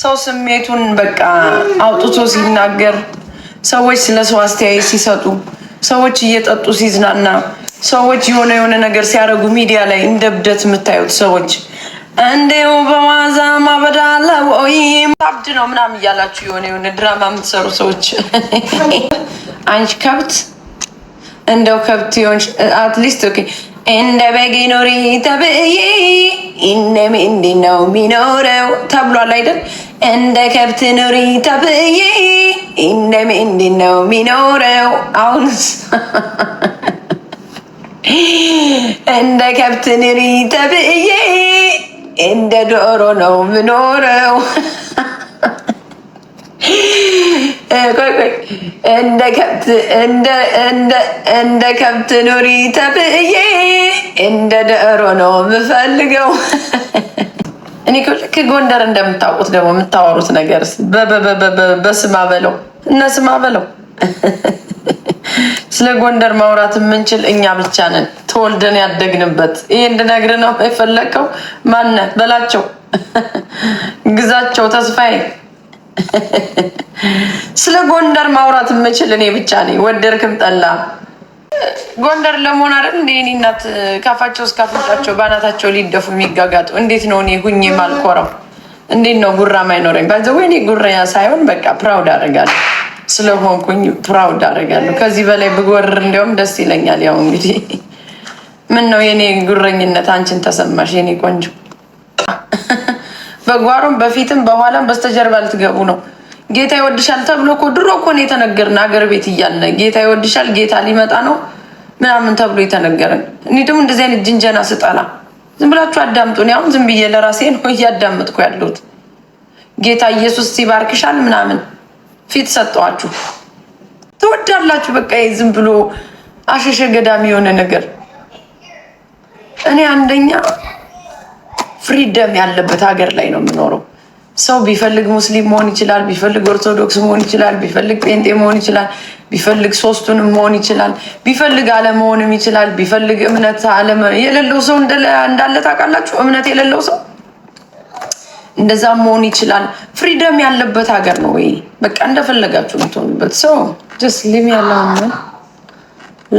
ሰው ስሜቱን በቃ አውጥቶ ሲናገር፣ ሰዎች ስለ ሰው አስተያየት ሲሰጡ፣ ሰዎች እየጠጡ ሲዝናና፣ ሰዎች የሆነ የሆነ ነገር ሲያደርጉ ሚዲያ ላይ እንደ እብደት የምታዩት ሰዎች እንዴው በዋዛ ማበዳላ ወይ አብድ ነው ምናምን እያላችሁ የሆነ የሆነ ድራማ የምትሰሩ ሰዎች አንቺ ከብት እንደው ከብት ሆን አትሊስት ኦኬ እንደ በግ ኖሪ ተብዬ እነ ምንድን ነው የሚኖረው ተብሏል አይደል? እንደ ከብት ኖሪ ተብዬ እነ ምንድን ነው የሚኖረው? አሁንስ እንደ ከብት ኖሪ ተብዬ እንደ ዶሮ ነው ምኖረው። እንደ ከብት ኑሪ ተብዬ እንደ ደሮ ነው የምፈልገው። እኔ ከጎንደር እንደምታውቁት ደግሞ የምታወሩት ነገር በስማ በለው እነ ስማ በለው። ስለ ጎንደር ማውራት የምንችል እኛ ብቻ ነን፣ ተወልደን ያደግንበት። ይህ እንድነግር ነው የፈለግከው? ማነ በላቸው ግዛቸው ተስፋዬ ስለ ጎንደር ማውራት የምችል እኔ ብቻ ነኝ። ወደድክም ጠላ ጎንደር ለመሆን አይደል እንደ እኔ እናት ካፋቸው እስከ አፍንጫቸው በአናታቸው ሊደፉ የሚጋጋጡ እንዴት ነው እኔ ሁኜ ማልኮረው? እንዴት ነው ጉራ ማይኖረኝ? ባዘ እኔ ጉረኛ ሳይሆን በቃ ፕራውድ አደርጋለሁ ስለሆንኩኝ ፕራውድ አደርጋለሁ። ከዚህ በላይ ብጎርር እንዲያውም ደስ ይለኛል። ያው እንግዲህ ምን ነው የኔ ጉረኝነት አንቺን ተሰማሽ የኔ ቆንጆ በጓሮም በፊትም በኋላም በስተጀርባ ልትገቡ ነው። ጌታ ይወድሻል ተብሎ እኮ ድሮ እኮ ነው የተነገርን። አገር ቤት እያለ ጌታ ይወድሻል፣ ጌታ ሊመጣ ነው ምናምን ተብሎ የተነገረን። እኔ ደግሞ እንደዚህ አይነት ጅንጀና ስጠላ፣ ዝም ብላችሁ አዳምጡ። እኔ አሁን ዝም ብዬ ለራሴ ነው እያዳምጥኩ ያለሁት። ጌታ ኢየሱስ ሲባርክሻል ምናምን ፊት ሰጠዋችሁ ትወዳላችሁ። በቃ ዝም ብሎ አሸሸ ገዳሚ የሆነ ነገር እኔ አንደኛ ፍሪደም ያለበት ሀገር ላይ ነው የምኖረው። ሰው ቢፈልግ ሙስሊም መሆን ይችላል፣ ቢፈልግ ኦርቶዶክስ መሆን ይችላል፣ ቢፈልግ ጴንጤ መሆን ይችላል፣ ቢፈልግ ሶስቱንም መሆን ይችላል፣ ቢፈልግ አለመሆንም ይችላል፣ ቢፈልግ እምነት አለመ የሌለው ሰው እንዳለ ታውቃላችሁ። እምነት የሌለው ሰው እንደዛ መሆን ይችላል። ፍሪደም ያለበት ሀገር ነው ወይ በቃ እንደፈለጋችሁ የምትሆኑበት ሰው ስ ሌሚ ያላሁን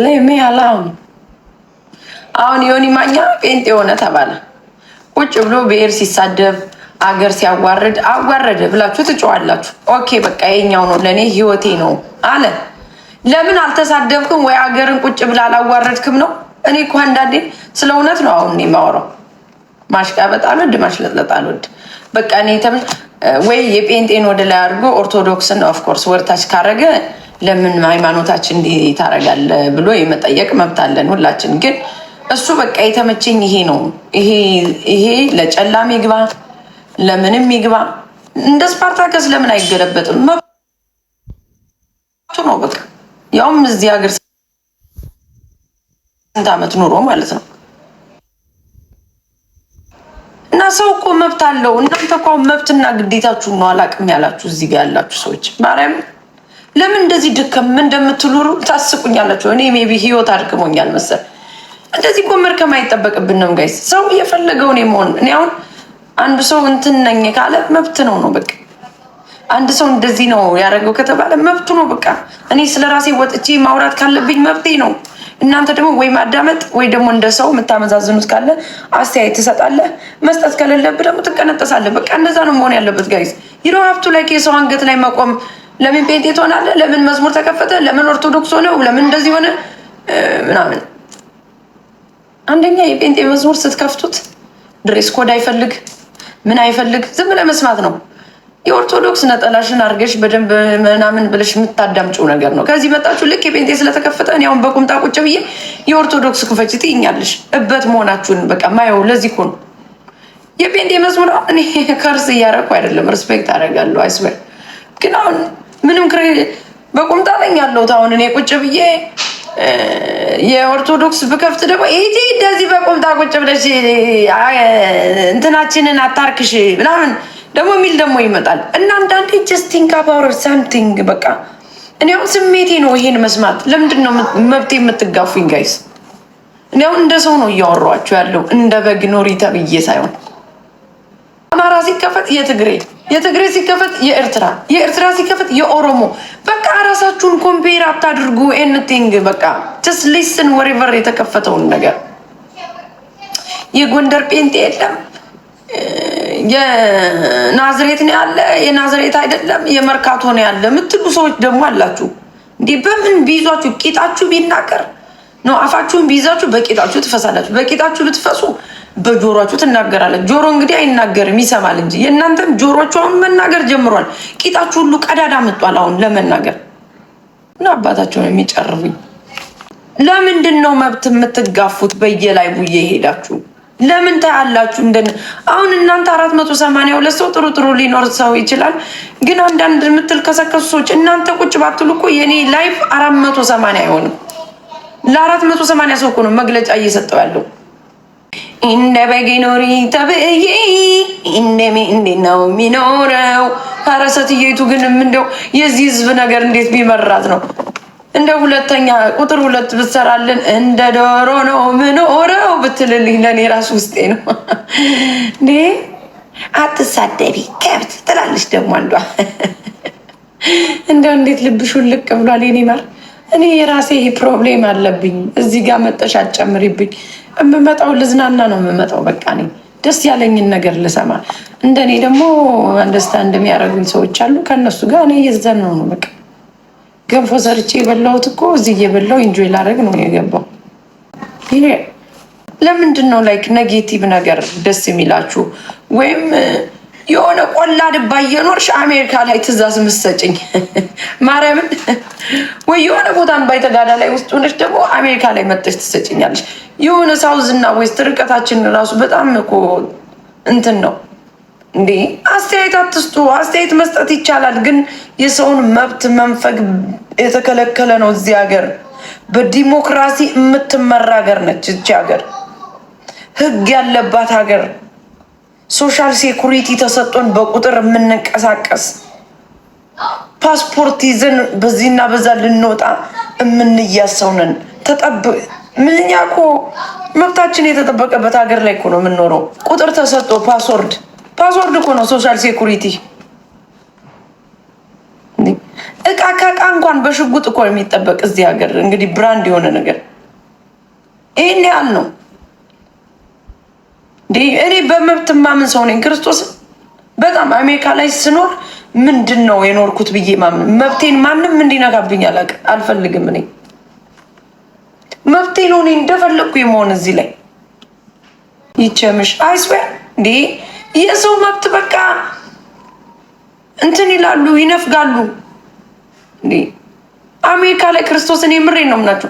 ሌሚ ያላሁን አሁን የሆኒ ማኛ ጴንጤ የሆነ ተባለ ቁጭ ብሎ ብሔር ሲሳደብ አገር ሲያዋርድ አዋረደ ብላችሁ ትጮዋላችሁ። ኦኬ በቃ የኛው ነው ለእኔ ህይወቴ ነው አለ። ለምን አልተሳደብክም ወይ አገርን ቁጭ ብላ አላዋረድክም ነው። እኔ እኮ አንዳንዴ ስለ እውነት ነው አሁን የማወራው። ማሽቃበጥ አልወድ፣ ማሽለጥለጥ አልወድ። በቃ እኔ ወይ የጴንጤን ወደ ላይ አድርጎ ኦርቶዶክስን ኦፍኮርስ ወርታች ካረገ ለምን ሃይማኖታችን እንዲህ ታረጋለ ብሎ የመጠየቅ መብት አለን ሁላችን ግን እሱ በቃ የተመቸኝ ይሄ ነው። ይሄ ለጨላም ይግባ፣ ለምንም ይግባ። እንደ ስፓርታከስ ለምን አይገለበጥም? መብቱ ነው በቃ ያውም እዚህ ሀገር ስንት ዓመት ኑሮ ማለት ነው። እና ሰው እኮ መብት አለው። እናንተ እኮ መብትና ግዴታችሁ ነው አላቅም ያላችሁ እዚህ ጋር ያላችሁ ሰዎች ማርያም ለምን እንደዚህ ድከም እንደምትሉ ታስቁኛላችሁ። እኔ ሜቢ ህይወት አድክሞኛል መሰል እንደዚህ እኮ መርከም አይጠበቅብንም ጋይስ። ሰው የፈለገውን የመሆን እኔ አሁን አንድ ሰው እንትን ነኝ ካለ መብት ነው ነው በቃ። አንድ ሰው እንደዚህ ነው ያደረገው ከተባለ መብቱ ነው በቃ። እኔ ስለ ራሴ ወጥቼ ማውራት ካለብኝ መብቴ ነው። እናንተ ደግሞ ወይ ማዳመጥ ወይ ደግሞ እንደ ሰው የምታመዛዝኑት ካለ አስተያየት ትሰጣለህ። መስጠት ከሌለብህ ደግሞ ትቀነጠሳለህ። በቃ እንደዛ ነው መሆን ያለበት ጋይስ። ዩሮ ሀብቱ ላይ የሰው አንገት ላይ መቆም ለምን ፔንቴ ትሆናለህ? ለምን መዝሙር ተከፈተ? ለምን ኦርቶዶክስ ሆነ? ለምን እንደዚህ ሆነ ምናምን አንደኛ የጴንጤ መዝሙር ስትከፍቱት ድሬስ ኮድ አይፈልግ ምን አይፈልግ ዝም ብለህ መስማት ነው። የኦርቶዶክስ ነጠላሽን አድርገሽ በደንብ ምናምን ብለሽ የምታዳምጪው ነገር ነው። ከዚህ መጣችሁ ልክ የጴንጤ ስለተከፈተ እኔ አሁን በቁምጣ ቁጭ ብዬ የኦርቶዶክስ ክፈች ትይኛለሽ። እበት መሆናችሁን በቃ ማየው ለዚህ ኮን የጴንጤ መዝሙር እኔ ከርስ እያረኩ አይደለም፣ ሪስፔክት አደርጋለሁ። አይስበር ግን አሁን ምንም በቁምጣ ነኝ ያለሁት አሁን እኔ ቁጭ ብዬ የኦርቶዶክስ ብከፍት ደግሞ ይሄ እንደዚህ በቁምጣ ቁጭ ብለሽ እንትናችንን አታርክሽ ምናምን ደግሞ የሚል ደግሞ ይመጣል እና አንዳንዴ ጀስቲንግ ሳምቲንግ በቃ እኔ ስሜቴ ነው ይሄን መስማት። ለምንድን ነው መብቴ የምትጋፉኝ ጋይስ? እኔ እንደ ሰው ነው እያወሯችሁ ያለው እንደ በግ ኖሪ ተብዬ ሳይሆን አማራ ሲከፈት የትግሬ የትግሬ ሲከፈት የኤርትራ የኤርትራ ሲከፈት የኦሮሞ በቃ ራሳችሁን ኮምፔር አታድርጉ። ኤንቲንግ በቃ ጀስት ሊስን ወሬቨር የተከፈተውን ነገር የጎንደር ጴንጤ የለም የናዝሬት ነው ያለ የናዝሬት አይደለም የመርካቶ ነው ያለ የምትሉ ሰዎች ደግሞ አላችሁ። እንዲህ በምን ቢይዟችሁ ቂጣችሁ ቢናቀር ነው አፋችሁን ቢይዛችሁ በቂጣችሁ ትፈሳላችሁ። በቂጣችሁ ብትፈሱ በጆሮችሁ ትናገራለች። ጆሮ እንግዲህ አይናገርም ይሰማል እንጂ የእናንተም ጆሮችሁ አሁን መናገር ጀምሯል። ቂጣችሁ ሁሉ ቀዳዳ መጧል አሁን ለመናገር እና አባታቸው ነው የሚጨርቡኝ። ለምንድን ነው መብት የምትጋፉት? በየላይ ቡዬ ሄዳችሁ ለምን ታያላችሁ? እንደ አሁን እናንተ አራት መቶ ሰማንያ ሁለት ሰው ጥሩ ጥሩ ሊኖር ሰው ይችላል። ግን አንዳንድ የምትልከሰከሱ ሰዎች እናንተ ቁጭ ባትሉ እኮ የኔ ላይፍ አራት መቶ ሰማንያ አይሆንም። ለአራት መቶ ሰማንያ ሰው እኮ ነው መግለጫ እየሰጠው ያለው እንደ በጌ ኖሪ ተብዬ እንደሜ እንዴት ነው የሚኖረው? ፓራሰትዬቱ ግን እንደው የዚህ ህዝብ ነገር እንዴት ቢመራት ነው? እንደ ሁለተኛ ቁጥር ሁለት ብትሰራልን እንደ ዶሮ ነው ምኖረው ብትልልኝ ለእኔ ራሱ ውስጤ ነው። እንዴ አትሳደቢ ከብት ትላለች ደግሞ አንዷ። እንደው እንዴት ልብሽ ውልቅ ብሏል የኔ ማር። እኔ የራሴ ፕሮብሌም አለብኝ። እዚህ ጋር መጠሽ አትጨምሪብኝ። የምመጣው ልዝናና ነው የምመጣው። በቃ እኔ ደስ ያለኝን ነገር ልሰማ። እንደኔ ደግሞ አንደርስታንድ የሚያደርጉኝ ሰዎች አሉ። ከእነሱ ጋር እኔ እየዘን ነው ነው በቃ ገንፎ ሰርቼ የበላሁት እኮ እዚህ እየበላሁ ኢንጆይ ላደርግ ነው የገባው። ይሄ ለምንድን ነው ላይክ ኔጌቲቭ ነገር ደስ የሚላችሁ ወይም የሆነ ቆላ ድባ እየኖርሽ አሜሪካ ላይ ትእዛዝ ምሰጭኝ ማርያምን፣ ወይ የሆነ ቦታ ባይተጋዳ ላይ ውስጥ ሆነች ደግሞ አሜሪካ ላይ መጠች ትሰጭኛለች። የሆነ ሳውዝ እና ዌስት ርቀታችን ራሱ በጣም እኮ እንትን ነው እንዴ። አስተያየት አትስጡ። አስተያየት መስጠት ይቻላል፣ ግን የሰውን መብት መንፈግ የተከለከለ ነው። እዚህ ሀገር በዲሞክራሲ የምትመራ ሀገር ነች። እቺ ሀገር ህግ ያለባት ሀገር ሶሻል ሴኩሪቲ ተሰጥቶን በቁጥር የምንንቀሳቀስ ፓስፖርት ይዘን በዚህና በዛ ልንወጣ የምንያሰው ነን። ምንኛ ኮ መብታችን የተጠበቀበት ሀገር ላይ እኮ ነው የምንኖረው። ቁጥር ተሰጥቶ ፓስወርድ ፓስወርድ እኮ ነው ሶሻል ሴኩሪቲ። እቃ ከእቃ እንኳን በሽጉጥ እኮ የሚጠበቅ እዚህ ሀገር እንግዲህ ብራንድ የሆነ ነገር ይህን ያህል ነው። እኔ በመብት ማምን ሰው ነኝ። ክርስቶስ በጣም አሜሪካ ላይ ስኖር ምንድን ነው የኖርኩት ብዬ ማምን መብቴን ማንም እንዲነካብኝ አላውቅም፣ አልፈልግም። እኔ መብቴ ነው እኔ እንደፈለግኩ የመሆን እዚህ ላይ ይቸምሽ አይስዌ እንዴ የሰው መብት በቃ እንትን ይላሉ፣ ይነፍጋሉ። እንዴ አሜሪካ ላይ ክርስቶስ እኔ ምሬ ነው ምናቸው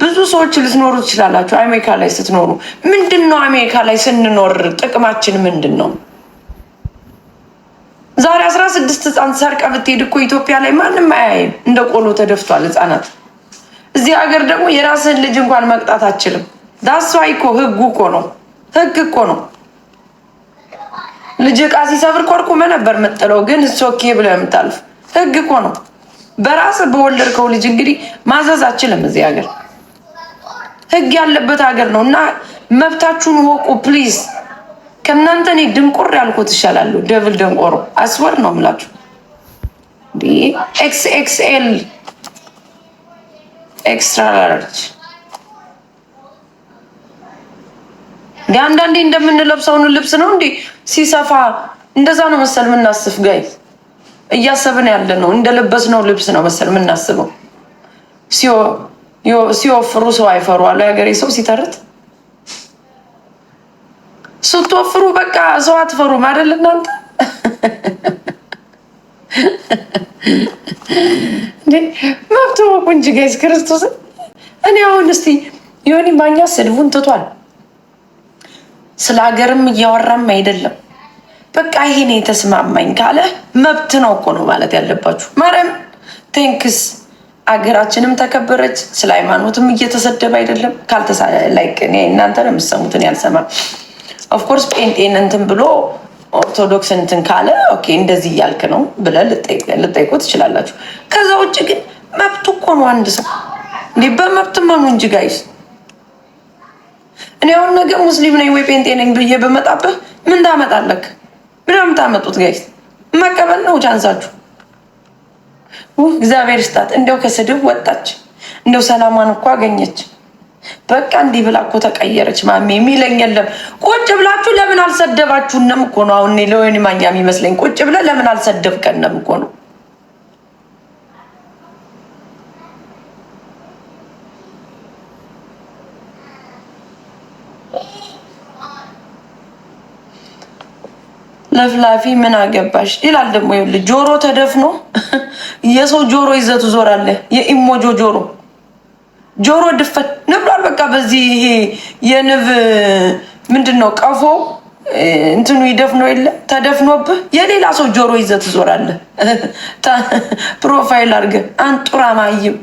ብዙ ሰዎች ልትኖሩ ትችላላችሁ። አሜሪካ ላይ ስትኖሩ ምንድን ነው? አሜሪካ ላይ ስንኖር ጥቅማችን ምንድን ነው? ዛሬ አስራ ስድስት ህፃን ሰርቀ ብትሄድ እኮ ኢትዮጵያ ላይ ማንም አያይም፣ እንደ ቆሎ ተደፍቷል ህፃናት። እዚህ ሀገር ደግሞ የራስህን ልጅ እንኳን መቅጣት አችልም። ዳስዋይ እኮ ህጉ እኮ ነው፣ ህግ እኮ ነው። ልጅ እቃ ሲሰብር ኮርኩመ ነበር ምጥለው፣ ግን ሶኬ ብለህ የምታልፍ ህግ እኮ ነው። በራስህ በወለድከው ልጅ እንግዲህ ማዘዝ አችልም እዚህ ሀገር ህግ ያለበት ሀገር ነው እና መብታችሁን ወቁ ፕሊዝ። ከእናንተ እኔ ድንቁር ያልኩት ይሻላሉ። ደብል ደንቆሮ አስወር ነው ምላችሁ። ኤክስ ኤክስ ኤል ኤክስትራ ላርጅ አንዳንዴ እንደምንለብሰውን ልብስ ነው እንዴ ሲሰፋ፣ እንደዛ ነው መሰል የምናስብ ጋይ እያሰብን ያለ ነው። እንደለበስነው ልብስ ነው መሰል የምናስበው ሲሆን ሲወፍሩ ሰው አይፈሩ አሉ የሀገሬ ሰው ሲተርት ስትወፍሩ በቃ ሰው አትፈሩም አይደል እናንተ መብቶ ቁንጅ ጋይዝ ክርስቶስ እኔ አሁን እስቲ የሆኒ ማኛ ስድቡን ትቷል ስለ ሀገርም እያወራም አይደለም በቃ ይሄን የተስማማኝ ካለ መብት ነው እኮ ነው ማለት ያለባችሁ ማርያም ቴንክስ አገራችንም ተከበረች። ስለ ሃይማኖትም እየተሰደበ አይደለም። እናንተ ነው የምትሰሙትን ያልሰማ ኦፍኮርስ ጴንጤን እንትን ብሎ ኦርቶዶክስ እንትን ካለ ኦኬ እንደዚህ እያልክ ነው ብለ ልጠይቁ ትችላላችሁ። ከዛ ውጭ ግን መብቱ እኮ ነው አንድ ሰው እንዲህ በመብት መኑ እንጂ ጋይስ እኔ አሁን ነገ ሙስሊም ነኝ ወይ ጴንጤ ነኝ ብዬ በመጣብህ ምን ታመጣለህ? ምን ታመጡት ጋይስ መቀበል ነው ቻንሳችሁ እግዚአብሔር ስጣት። እንደው ከስድብ ወጣች፣ እንደው ሰላማን እኮ አገኘች። በቃ እንዲህ ብላ እኮ ተቀየረች ማሚ የሚለኝ የለም። ቁጭ ብላችሁ ለምን አልሰደባችሁንም እኮ ነው አሁን ለወይን ማኛ የሚመስለኝ። ቁጭ ብለ ለምን አልሰደብከንም እኮ ነው ለፍላፊ ምን አገባሽ ይላል። ደግሞ ይኸውልህ ጆሮ ተደፍኖ የሰው ጆሮ ይዘት ዞራለ። የኢሞጆ ጆሮ ጆሮ ድፈት ንብሏል። በቃ በዚህ ይሄ የንብ ምንድን ነው ቀፎ እንትኑ ይደፍኖ የለ ተደፍኖብህ የሌላ ሰው ጆሮ ይዘት ዞራለ። ፕሮፋይል አድርገህ አንጡራ ማይም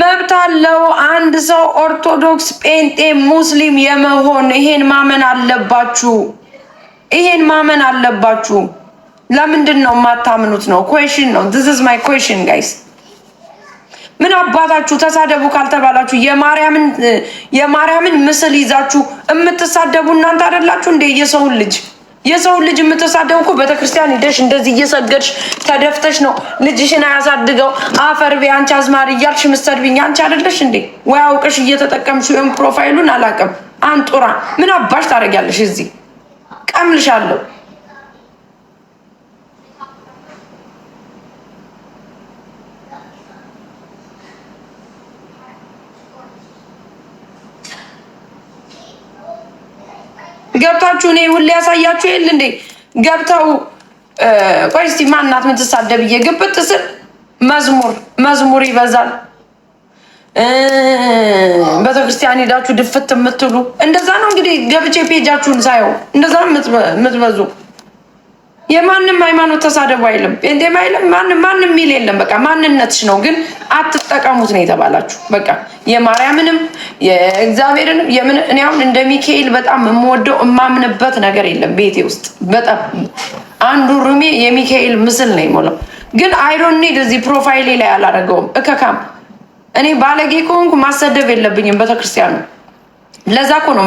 መብት አለው። አንድ ሰው ኦርቶዶክስ፣ ጴንጤ፣ ሙስሊም የመሆን ይሄን ማመን አለባችሁ። ይሄን ማመን አለባችሁ። ለምንድን ነው የማታምኑት? ነው ኮሽን ነው። ዚስ ኢዝ ማይ ኩዌሽን ጋይስ። ምን አባታችሁ ተሳደቡ ካልተባላችሁ የማርያምን የማርያምን ምስል ይዛችሁ የምትሳደቡ እናንተ አይደላችሁ እንደ የሰውን ልጅ የሰው ልጅ የምትሳደው እኮ ቤተክርስቲያን ሂደሽ እንደዚህ እየሰገድሽ ተደፍተሽ ነው ልጅሽን አያሳድገው አፈር ቤ አንቺ አዝማሪ እያልሽ ምሰድብኝ አንቺ አይደለሽ እንዴ? ወይ አውቅሽ እየተጠቀምሽ ወይም ፕሮፋይሉን አላውቅም አንጡራ ምን አባሽ ታደርጊያለሽ? እዚህ ቀምልሻለሁ። ገብታችሁ እኔ ሁሌ ያሳያችሁ የለ እንዴ? ገብተው ቆይ እስኪ ማናት ምትሳደብ ብዬ ግብጥ ስል መዝሙር መዝሙር ይበዛል። ቤተክርስቲያን ሄዳችሁ ድፍት የምትሉ እንደዛ ነው እንግዲህ ገብቼ ፔጃችሁን ሳየው እንደዛ ነው የምትበዙ። የማንም ሃይማኖት ተሳደቡ አይልም፣ እንዴም አይልም። ማንም ማንም የሚል የለም። በቃ ማንነትሽ ነው፣ ግን አትጠቀሙት ነው የተባላችሁ። በቃ የማርያምንም የእግዚአብሔርንም የምን እኔ አሁን እንደ ሚካኤል በጣም የምወደው የማምንበት ነገር የለም ቤቴ ውስጥ። በጣም አንዱ ሩሜ የሚካኤል ምስል ነው የሞላው፣ ግን አይዶኒድ እዚህ ፕሮፋይሌ ላይ አላደረገውም። እከካም እኔ ባለጌ ከሆንኩ ማሰደብ የለብኝም ቤተክርስቲያኑ። ለዛ እኮ ነው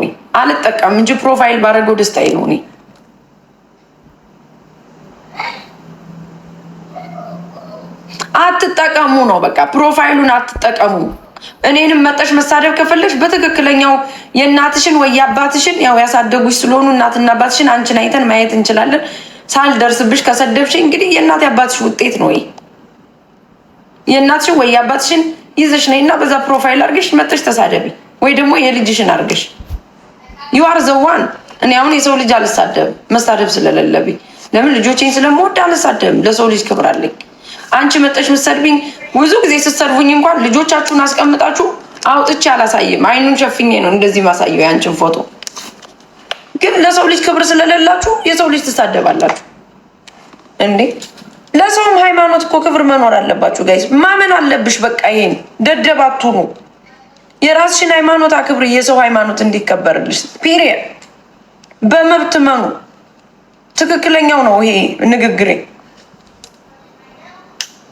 እኔ አልጠቀም እንጂ ፕሮፋይል ባደረገው ደስታዬ ነው እኔ አትጠቀሙ ነው በቃ ፕሮፋይሉን አትጠቀሙ። እኔንም መጠሽ መሳደብ ከፈለሽ በትክክለኛው የእናትሽን ወይ የአባትሽን ያው ያሳደጉሽ ስለሆኑ እናትና አባትሽን አንቺን አይተን ማየት እንችላለን። ሳልደርስብሽ ከሰደብሽ እንግዲህ የእናት የአባትሽ ውጤት ነው። የእናትሽን ወይ የአባትሽን ይዘሽ እና በዛ ፕሮፋይል አድርገሽ መጠሽ ተሳደቢ፣ ወይ ደግሞ የልጅሽን አድርገሽ ዩ አር ዘዋን። እኔ አሁን የሰው ልጅ አልሳደብም መሳደብ ስለሌለብኝ። ለምን ልጆቼን ስለምወድ አልሳደብም። ለሰው ልጅ ክብር አለኝ። አንቺ መጠሽ ምሰድብኝ። ብዙ ጊዜ ስትሰርቡኝ እንኳን ልጆቻችሁን አስቀምጣችሁ አውጥቼ አላሳይም። አይኑን ሸፍኜ ነው እንደዚህ ማሳየው የአንቺን ፎቶ። ግን ለሰው ልጅ ክብር ስለሌላችሁ የሰው ልጅ ትሳደባላችሁ እንዴ! ለሰውም ሃይማኖት እኮ ክብር መኖር አለባችሁ ጋይስ። ማመን አለብሽ በቃ። ይሄን ደደባቱ ነው የራስሽን ሃይማኖት አክብር፣ የሰው ሃይማኖት እንዲከበርልሽ። ፔሪየድ በመብት መኑ ትክክለኛው ነው ይሄ ንግግሬ።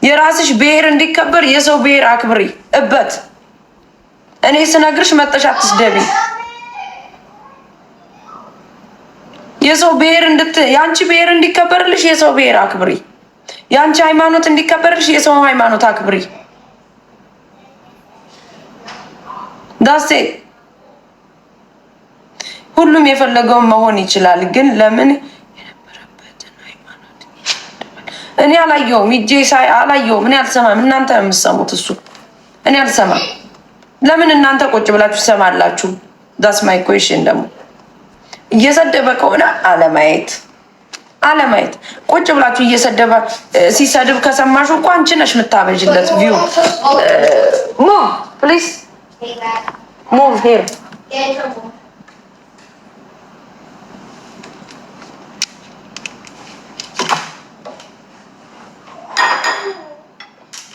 የራስሽ ብሔር እንዲከበር የሰው ብሔር አክብሪ እበት እኔ ስነግርሽ መጠሽ አትስደቢ። የሰው ብሔር እንድት የአንቺ ብሔር እንዲከበርልሽ የሰው ብሔር አክብሪ። የአንቺ ሃይማኖት እንዲከበርልሽ የሰው ሃይማኖት አክብሪ። ዳሴ ሁሉም የፈለገውን መሆን ይችላል። ግን ለምን እኔ አላየውም። ሂጄ ሳይ አላየውም። እኔ አልሰማም። እናንተ ነው የምትሰሙት። እሱ እኔ አልሰማም። ለምን እናንተ ቁጭ ብላችሁ ትሰማላችሁ? ዳስ ማይ ኩዌሽን። ደግሞ እየሰደበ ከሆነ አለማየት አለማየት ቁጭ ብላችሁ እየሰደበ ሲሰድብ ከሰማሹ እኮ አንቺ ነሽ የምታበጅለት። ቪው ሞ ፕሊስ ሞ ሄር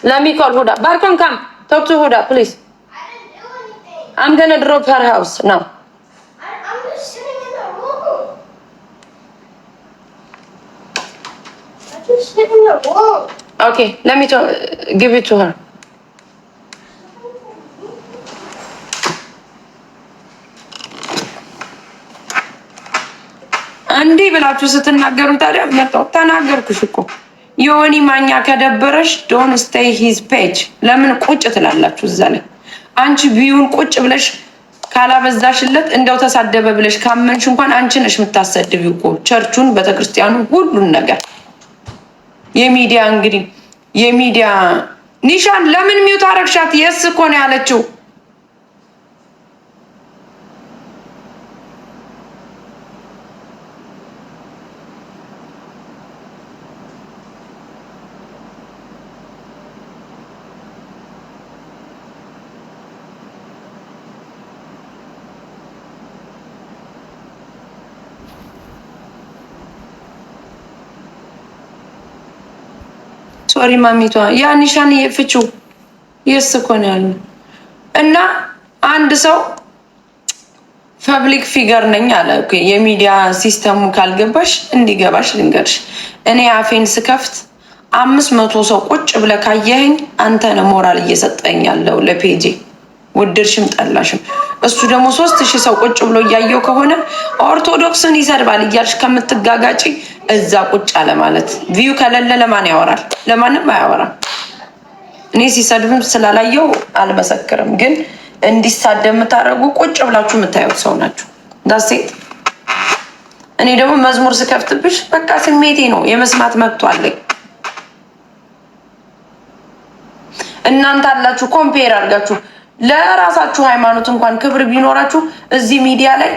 Let me call Huda. Barkon, come. Talk to Huda, please. I didn't do anything. I'm gonna drop her house now. I, I'm just sitting in the room. I'm just sitting in the room. Okay, let me to, give it to her. እንዲህ ብላችሁ ስትናገሩ ታዲያ መጣሁ። ተናገርኩሽ እኮ የሆኒ ማኛ ከደበረሽ ዶን ስቴይ ሂዝ ፔጅ ለምን ቁጭ ትላላችሁ እዛ ላይ? አንቺ ቢዩን ቁጭ ብለሽ ካላበዛሽለት እንደው ተሳደበ ብለሽ ካመንሽ እንኳን አንቺ ነሽ የምታሰድቢው እኮ ቸርቹን፣ ቤተክርስቲያኑ፣ ሁሉን ነገር የሚዲያ እንግዲህ የሚዲያ። ኒሻን ለምን ሚዩት አረግሻት? የስ እኮ ነው ያለችው። ሶሪ ማሚቷ ያ ኒሻን ፍቹ የስ እኮ ነው ያለ እና አንድ ሰው ፐብሊክ ፊገር ነኝ አለ። የሚዲያ ሲስተሙ ካልገባሽ እንዲገባሽ ልንገርሽ። እኔ አፌን ስከፍት አምስት መቶ ሰው ቁጭ ብለ ካየኸኝ አንተ ነው ሞራል እየሰጠኝ ያለው ለፔጄ ወደድሽም ጠላሽም። እሱ ደግሞ ሶስት ሺህ ሰው ቁጭ ብሎ እያየው ከሆነ ኦርቶዶክስን ይሰድባል እያልሽ ከምትጋጋጪ እዛ ቁጭ አለ ማለት ቪዩ ከሌለ ለማን ያወራል? ለማንም አያወራም። እኔ ሲሰድብም ስላላየው አልመሰክርም፣ ግን እንዲሳደብ የምታደርጉ ቁጭ ብላችሁ የምታዩት ሰው ናችሁ። ዳሴት እኔ ደግሞ መዝሙር ስከፍትብሽ በቃ ስሜቴ ነው የመስማት መብቱ አለኝ። እናንተ አላችሁ ኮምፔር አድርጋችሁ ለራሳችሁ ሃይማኖት እንኳን ክብር ቢኖራችሁ እዚህ ሚዲያ ላይ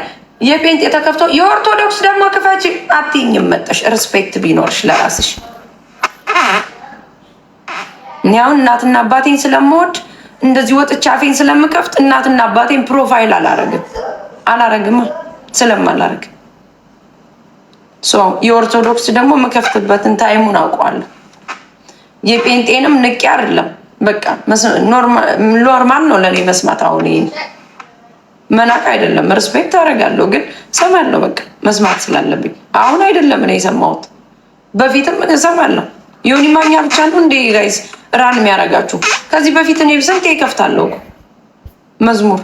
የጴንጤ ተከፍቶ የኦርቶዶክስ ደግሞ ክፈች አትይኝም መጠሽ ሪስፔክት ቢኖርሽ ለራስሽ። እኔ አሁን እናትና አባቴን ስለምወድ እንደዚህ ወጥቼ አፌን ስለምከፍት እናትና አባቴን ፕሮፋይል አላረግም አላረግም ስለማላረግ የኦርቶዶክስ ደግሞ የምከፍትበትን ታይሙን አውቀዋለሁ። የጴንጤንም ንቄ አይደለም በቃ ኖርማል ነው ለእኔ መስማት። አሁን ይሄን መናቅ አይደለም፣ ሪስፔክት አደርጋለሁ፣ ግን እሰማለሁ። በቃ መስማት ስላለብኝ አሁን አይደለም እኔ የሰማሁት፣ በፊትም እሰማለሁ። ዮኒ ማኛ ብቻ ነው እንደ ጋይስ ራን የሚያደርጋችሁ። ከዚህ በፊት እኔ ብስንት ይከፍታለሁ መዝሙር።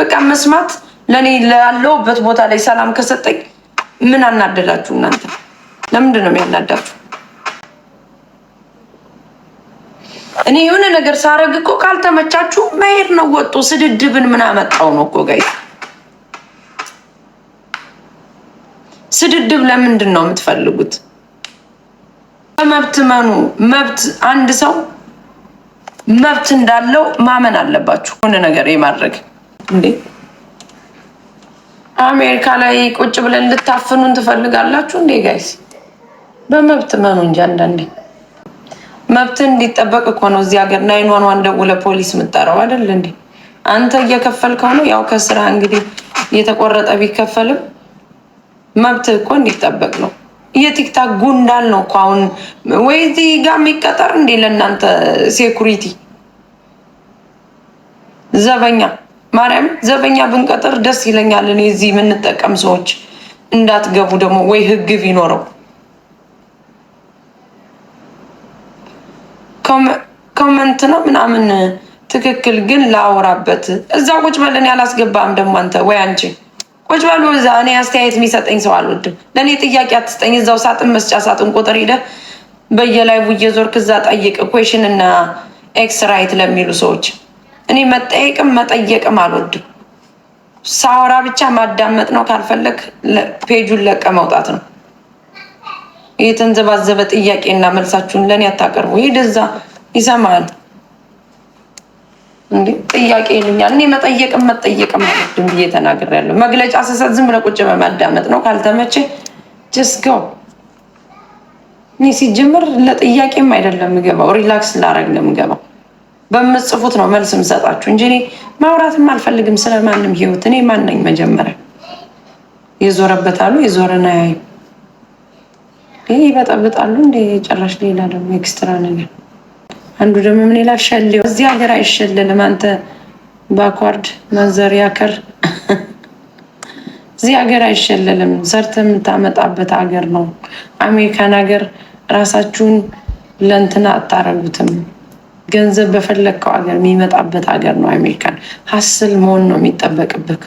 በቃ መስማት ለእኔ ላለሁበት ቦታ ላይ ሰላም ከሰጠኝ ምን አናደዳችሁ እናንተ? ለምንድን ነው የሚያናዳችሁ? እኔ የሆነ ነገር ሳረግ እኮ ካልተመቻችሁ መሄድ ነው። ወጡ ስድድብን ምን አመጣው ነው እኮ ጋይ ስድድብ ለምንድን ነው የምትፈልጉት? በመብት መኑ መብት አንድ ሰው መብት እንዳለው ማመን አለባችሁ። የሆነ ነገር የማድረግ እንዴ አሜሪካ ላይ ቁጭ ብለን ልታፍኑን ትፈልጋላችሁ እንዴ ጋይስ? በመብት መኑ እንጂ አንዳንዴ መብትን እንዲጠበቅ እኮ ነው እዚህ ሀገር ናይን ዋን ዋን ደውለህ ፖሊስ የምጠራው አይደል እንዴ? አንተ እየከፈልከው ነው ያው ከስራ እንግዲህ እየተቆረጠ ቢከፈልም መብት እኮ እንዲጠበቅ ነው። የቲክታክ ጉንዳል ነው እኮ አሁን ወይ እዚህ ጋር የሚቀጠር እንዴ? ለእናንተ ሴኩሪቲ ዘበኛ ማርያም ዘበኛ ብንቀጥር ደስ ይለኛል እኔ እዚህ የምንጠቀም ሰዎች እንዳትገቡ ደግሞ ወይ ህግ ቢኖረው ኮመንት ነው ምናምን ትክክል ግን ላወራበት እዛ ቁጭ በለን። ያላስገባም ደግሞ አንተ ወይ አንቺ ቁጭ በሉ እዛ። እኔ አስተያየት የሚሰጠኝ ሰው አልወድም። ለእኔ ጥያቄ አትስጠኝ። እዛው ሳጥን መስጫ ሳጥን ቁጥር ሄደህ በየላይቡ እየዞርክ እዛ ጠይቅ። ኩዌሽን እና ኤክስ ራይት ለሚሉ ሰዎች እኔ መጠየቅም መጠየቅም አልወድም። ሳወራ ብቻ ማዳመጥ ነው። ካልፈለግ ፔጁን ለቀ መውጣት ነው። የተንዘባዘበ ጥያቄና መልሳችሁን ለእኔ አታቀርቡ። ሂድ እዛ ይሰማል። ጥያቄ ይሉኛል። እኔ መጠየቅም መጠየቅም ድም ብዬ ተናግሬያለሁ። መግለጫ ስሰጥ ዝም ብለህ ቁጭ በማዳመጥ ነው። ካልተመቼ ጀስገው እኔ ሲጀምር ለጥያቄም አይደለም የምገባው፣ ሪላክስ ላረግ ነው የምገባው። በምጽፉት ነው መልስ የምሰጣችሁ እንጂ እኔ ማውራትም አልፈልግም ስለማንም ህይወት። እኔ ማነኝ መጀመሪያ? የዞረበት አሉ የዞረን ይሄ ይበጠብጣሉ እንደ ጨራሽ ሌላ ደግሞ ኤክስትራ ነገር። አንዱ ደግሞ ምን ይላል? ሸሌ እዚህ ሀገር አይሸለልም አንተ ባኳርድ መንዘር ያከር እዚህ ሀገር አይሸለልም ሰርተ የምታመጣበት ሀገር ነው። አሜሪካን ሀገር ራሳችሁን ለእንትና አታረጉትም። ገንዘብ በፈለግከው ሀገር የሚመጣበት ሀገር ነው። አሜሪካን ሀስል መሆን ነው የሚጠበቅብህ።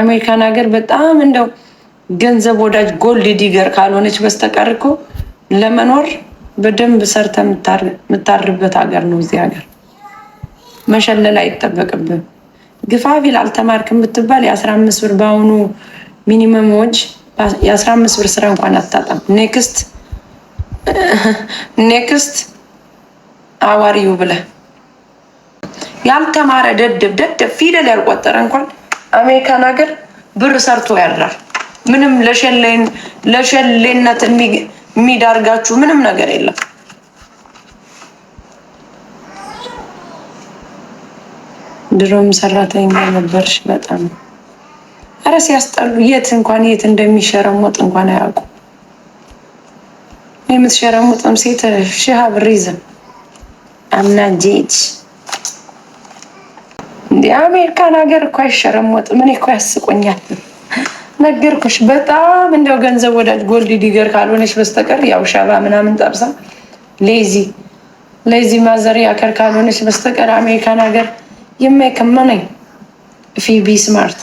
አሜሪካን ሀገር በጣም እንደው ገንዘብ ወዳጅ ጎልድ ዲገር ካልሆነች በስተቀር እኮ ለመኖር በደንብ ሰርተ የምታርበት ሀገር ነው። እዚህ ሀገር መሸለል አይጠበቅብም። ግፋ ቢል አልተማርክም ብትባል የአስራ አምስት ብር በአሁኑ ሚኒመም ወጅ የአስራ አምስት ብር ስራ እንኳን አታጣም። ኔክስት ኔክስት አዋሪው ብለ ያልተማረ ደደብ ደደብ ፊደል ያልቆጠረ እንኳን አሜሪካን ሀገር ብር ሰርቶ ያድራል። ምንም ለሸሌነት የሚዳርጋችሁ ምንም ነገር የለም። ድሮም ሰራተኛ ነበርሽ በጣም ኧረ ሲያስጠሉ የት እንኳን የት እንደሚሸረሙጥ እንኳን አያውቁ። የምትሸረሙጥም ሴት ሺህ ሪዝም አምና ጄጅ እንደ አሜሪካን ሀገር እኮ አይሸረም ወጥ። ምን እኮ ያስቆኛል። ነገርኩሽ። በጣም እንደው ገንዘብ ወዳጅ ጎልድ ዲገር ካልሆነች በስተቀር ያው ሸባ ምናምን ጠብሳ ሌዚ ሌዚ ማዘር ያከር ካልሆነች በስተቀር አሜሪካን ሀገር የማይከመነኝ ፊቢ ስማርት